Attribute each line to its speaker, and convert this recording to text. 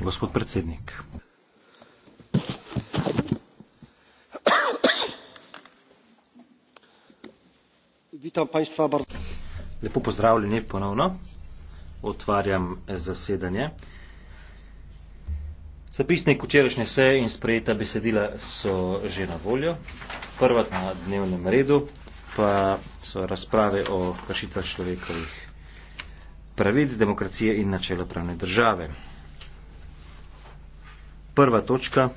Speaker 1: gospod predsednik
Speaker 2: lepo pozdravljeni ponovno otvarjam zasedanje zapisnik včerajšnje seje in sprejeta besedila so že na voljo prva na dnevnem redu pa so razprave o kršitvah človekovih pravic, demokracije in načela pravne države. Prva točka